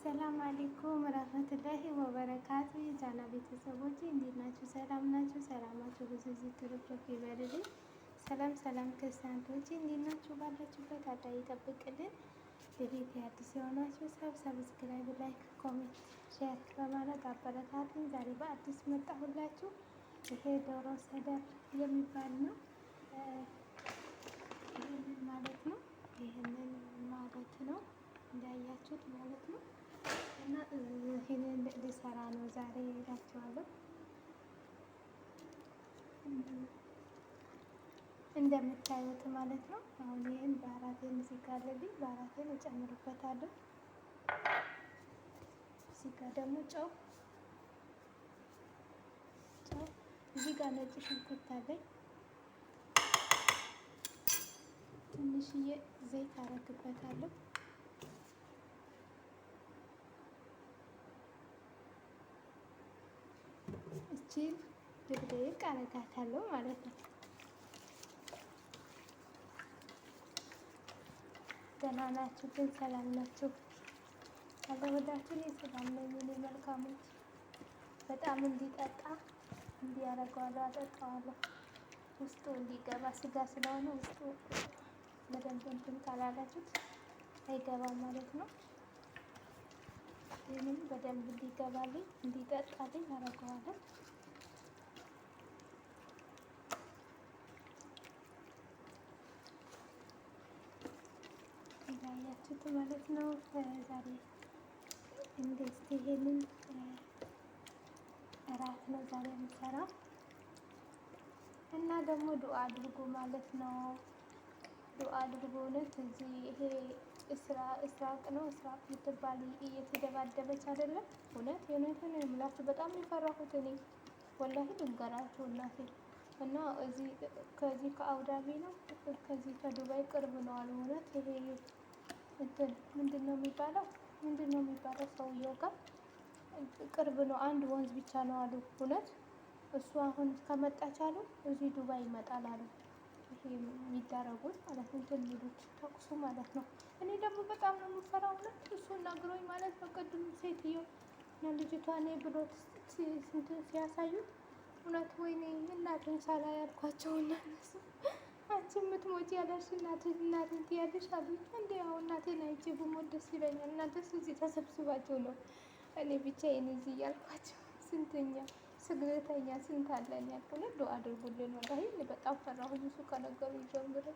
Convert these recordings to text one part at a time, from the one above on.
አሰላም አሌይኩም ረህመቱላሂ ወበረካቱ የጃና ቤተሰቦች እንዴት ናችሁ? ሰላም ናችሁ? ሰላማችሁ ብዙ ዝትርቶች ይበልልኝ። ሰላም ሰላም ክርስቲያንቶች እንዴት ናችሁ? ባላችሁበት አዳ ይጠብቅልን። በቤት አዲስ የሆናችሁ ሰብ ሰብስክራይብ፣ ላይክ፣ ኮሜንት፣ ሼር በማድረግ አበረታቱኝ። ዛሬ በአዲስ መጣሁላችሁ። ይሄ ዶሮ ሰደር የሚባል ነው ማለት ነው። ይህንን ማለት ነው እንዳያችሁት ማለት ነው። እና ይህንን ልሰራ ነው ዛሬ እላቸዋለሁ። እንደምታዩት ማለት ነው። አሁን ይህን በአራቴን እዚህ ጋር አለብኝ። በአራቴን እጨምርበታለሁ። እዚህ ጋር ደግሞ ጨው እዚህ ጋር ነጭ ሽንኩርት አለኝ። ትንሽዬ ዘይት አረግበታለሁ። እቺን ድብልቅ አረጋታለሁ ማለት ነው። ደህና ናችሁ ግን? ሰላም ናችሁ? አለወዳችሁ እኔ ሰላም ነኝ። እኔ መልካሞች በጣም እንዲጠጣ እንዲያረገዋለሁ፣ አጠጣዋለሁ። ውስጡ እንዲገባ ስጋ ስለሆነ ውስጡ በደንብ እንትን ካላላችሁት አይገባም ማለት ነው። ይህንን በደንብ እንዲገባልኝ እንዲጠጣልኝ አደርገዋለሁ። ይታያችሁት ማለት ነው። ዛሬ እንደዚህ ይሄንን እራት ነው ዛሬ የምሰራው እና ደግሞ ዱአ አድርጎ ማለት ነው። ዱአ አድርጎ እውነት እዚህ ይሄ እስራቅ ነው እስራቅ የምትባል እየተደባደበች አይደለም። እውነት የእውነት ነው የምላችሁ በጣም የፈራሁት እኔ ወላሂ ልንገራችሁ እናቴ እና ከዚህ ከአውዳቢ ነው ከዚህ ከዱባይ ቅርብ ነው አሉ። እውነት ይሄ እንትን ምንድን ነው የሚባለው ምንድን ነው የሚባለው ሰውየው ጋር ቅርብ ነው አንድ ወንዝ ብቻ ነው አሉ። እውነት እሱ አሁን ከመጣች አሉ እዚህ ዱባይ ይመጣል አሉ። የሚደረጉት ማለት ነው። እንትን ተኩሱ ማለት ነው። እኔ ደግሞ በጣም ነው የምፈራው እውነት እሱ ነግሮኝ ማለት ነው። ቅድም ሴትዮ እና ልጅቷ እኔ ብሎ እንትን ሲያሳዩት እውነት ወይኔ እናትን ሳላ ያልኳቸው እና እነሱ አንቺ የምትሞጪ ያለሽ እናቴን እናቴን ትያለሽ አሉ። እንደ ያው እናቴን አይቼ ብሞት ደስ ይለኛል። እናንተስ እዚህ ተሰብስባቸው ነው እኔ ብቻዬን እዚህ እያልኳቸው ስንተኛ ስግደተኛ ስንት አለን ያልኩለት ዶ አድርጉልን። ወላሂ በጣም ፈራሁ። እሱ ከነገሩ ጀምሮ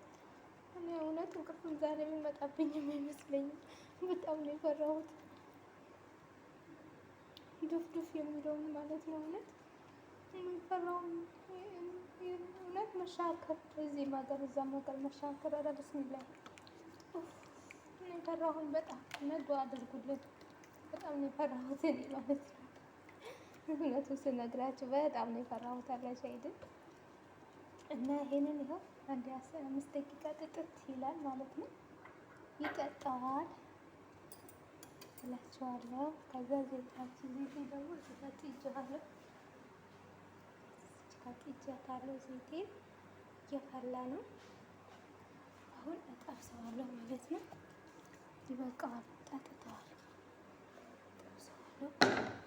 እኔ እውነት እንቅልፉን ዛሬ የሚመጣብኝም አይመስለኝም። በጣም ነው የፈራሁት። ዱፍ ዱፍ የሚለውን ማለት ነው። እውነት የሚፈራው እውነት መሻከር፣ እዚህ ሀገር እዛም ሀገር መሻከር። ኧረ ብስሚላ እኔ ፈራሁን በጣም እና ዱአ አድርጉልን። በጣም ነው የፈራሁት እኔ ማለት ነው። እውነቱን ስነግራችሁ በጣም ነው የፈራሁት አላሽ አይደል እና ይሄንን ይኸው አንድ አስር አምስት ደቂቃ ጥጥት ይላል ማለት ነው። ይጠጣዋል እላችኋለሁ። ከዛ ዘይታችን ዘይቴ ደግሞ ስታት ይጃለሁ ስታት ይጃታለሁ። ዘይቴ እየፈላ ነው። አሁን እጠብሰዋለሁ ማለት ነው። ይበቃዋል። ጠጥተዋል። እጠብሰዋለሁ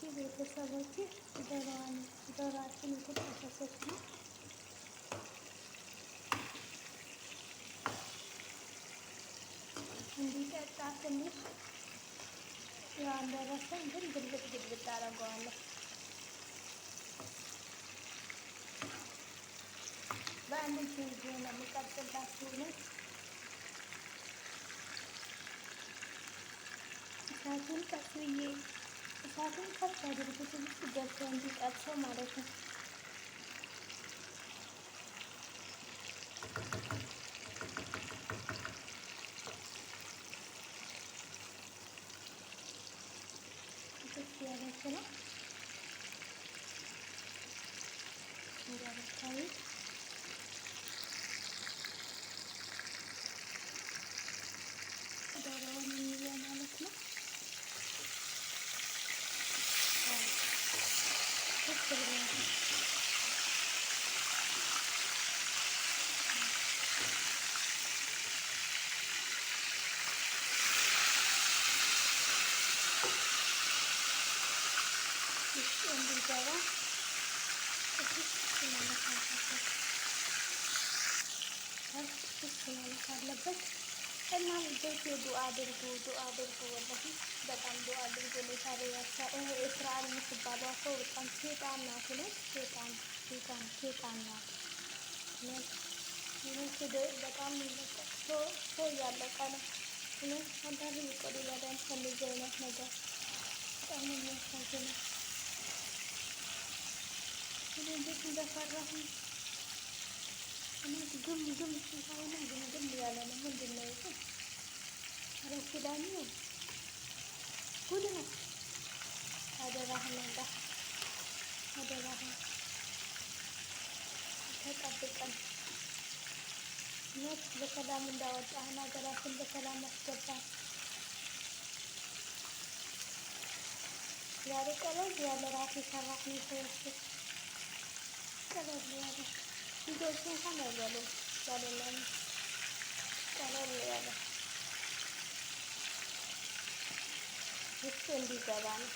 Şiddete sabahki idarani, idarasını tutmasa etmek. Hindi ka kasanit. Yan darasan din dilbit dilbit taragwala. Ben de çocuğuna mı kaptırdak እሳቱን ቀስዬ እሳቱን ከፍ አድርጉት ውስጥ ገብቶ እንዲጠብሰው ማለት ነው። ያለች ነው ማለት አለበት እና ልጆች ዱአ አድርጉ፣ ዱአ አድርጉ። ወላሂ በጣም ዱአ አድርጉ። ለታሪ እስራኤል የምትባለው ሰው በጣም ሴጣን ናት ነው ሴጣን ሴጣን ሴጣን ናት። በጣም ሰው እያለቀ ነው። እኔ አንዳንድ የሚቆዱ ያዳን አይነት ነገር በጣም የሚያሳዝነው እኔ እንዴት እንደፈራሁ እኔ ግም ግም ሲሆነ ግም ግም ያለ ነው። ምንድን ነው ይሄ? ረኪዳኒ ጉድ ነው። አደራህን አንዳ አደራህን ተጠብቀን ነት በሰላም እንዳወጣህን ሀገራችን በሰላም አስገባን። ዛሬ ቀለል ያለ ራት የሰራህ ሰዎች కలర్లేదు ఇది వచ్చిన కలర్లేదు కలర్లేదు కలర్లేదు వస్తుంది కదా అని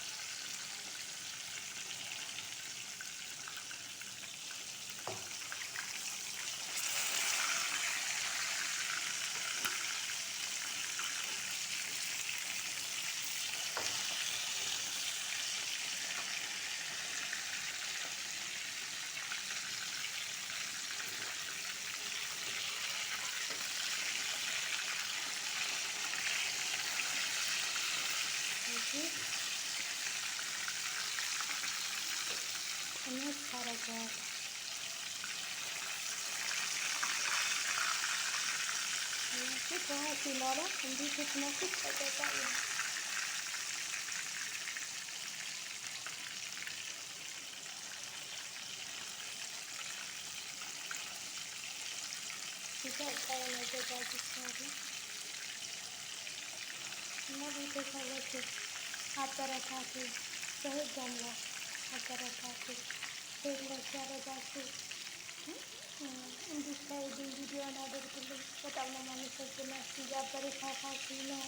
saracağız. Şimdi daha silahla hindi tutması saracağız. Güzel kaynayacağız içeri. Şimdi bu tarafa geçip, alt tarafa geçip, şehir camlar. አበረታችሁ። ሼር ላይክ ያደረጋችሁ እንዲታይልኝ ቪዲዮን አድርጉልኝ። በጣም ነው የማመሰግናችሁ። እያበረታታችሁ ነው።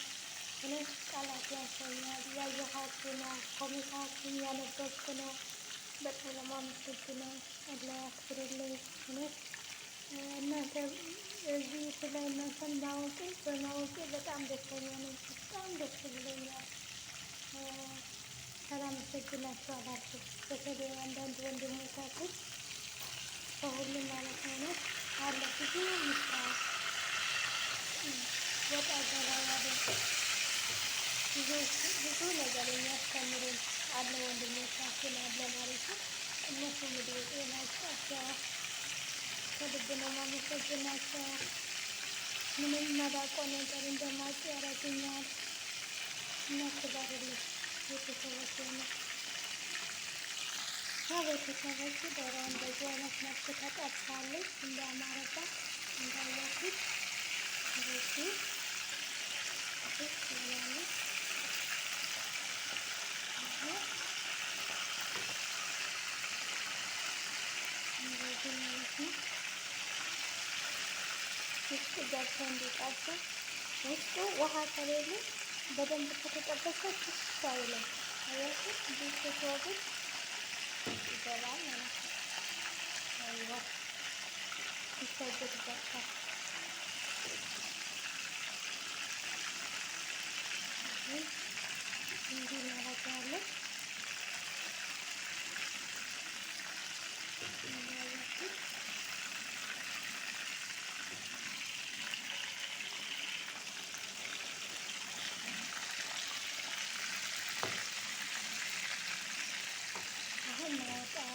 እኔም ቃላት ያሳያል። እያየኋችሁ ነው። ኮሜንታችሁ እያነበብኩ ነው። በጣም ነው የማመሰግነው። አላህ ያክብርልኝ። እኔ እናንተ እዚህ ስለ እናንተን ማወቄ በማወቄ በጣም ደስተኛ ነኝ። በጣም ደስ ብሎኛል። ካላመሰግናችሁ አላችሁ። በተለይ አንዳንድ ወንድሞቻችን በሁሉም ማለት ነው አለ ብዙ ይታወቅ ወጣ ገባ ያለ ብዙ ነገር የሚያስተምሩን አለ ወንድሞቻችን አለ ማለት ነው። እነሱ እንግዲህ ጤናቸው ከልብ ነው ማመሰግናቸው። ምንም መዳቆ ነገር እንደማቅ ያረግኛል እና ክባርልኝ ቤተሰቦች ነው። ከቤተሰቦች ዶሮ እንደዚህ አይነት መልክ ተጠብሳለች። እንዲያማረባት እንዳያችሁት እንደዚህ ደስ ይላለች። እንደዚህ ገብቶ እንዲጠብስ ውስጡ ውሃ ከሌለ Babam bu paket atarsa çok sayılır. Hayatı bir kötü oldu. Güzel ama. Eyvah. Güzel bir güzel.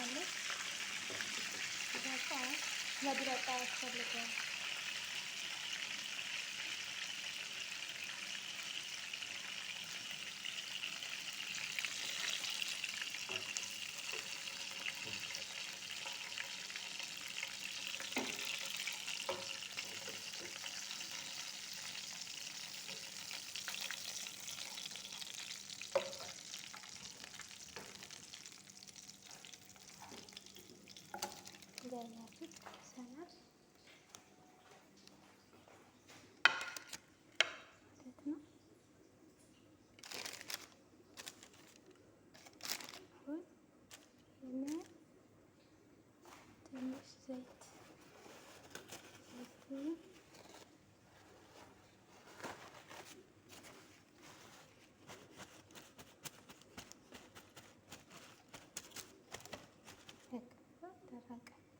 हम लोग इधर का लग रहता है अच्छा लगा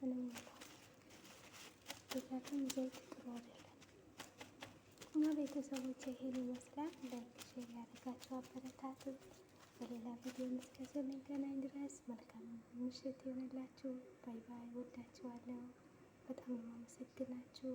ነው ያለው። ምክንያቱም ዘይት ጥሩ አይደለም እና ቤተሰቦች ይሄን ይመስላል። ላይክ ሼር ያደርጋችሁ አበረታቱ። በሌላ ቪዲዮ እስከምንገናኝ ድረስ መልካም ምሽት ይሆንላችሁ። ባይ ባይ። ወዳችኋለሁ። በጣም ነው የማመሰግናችሁ።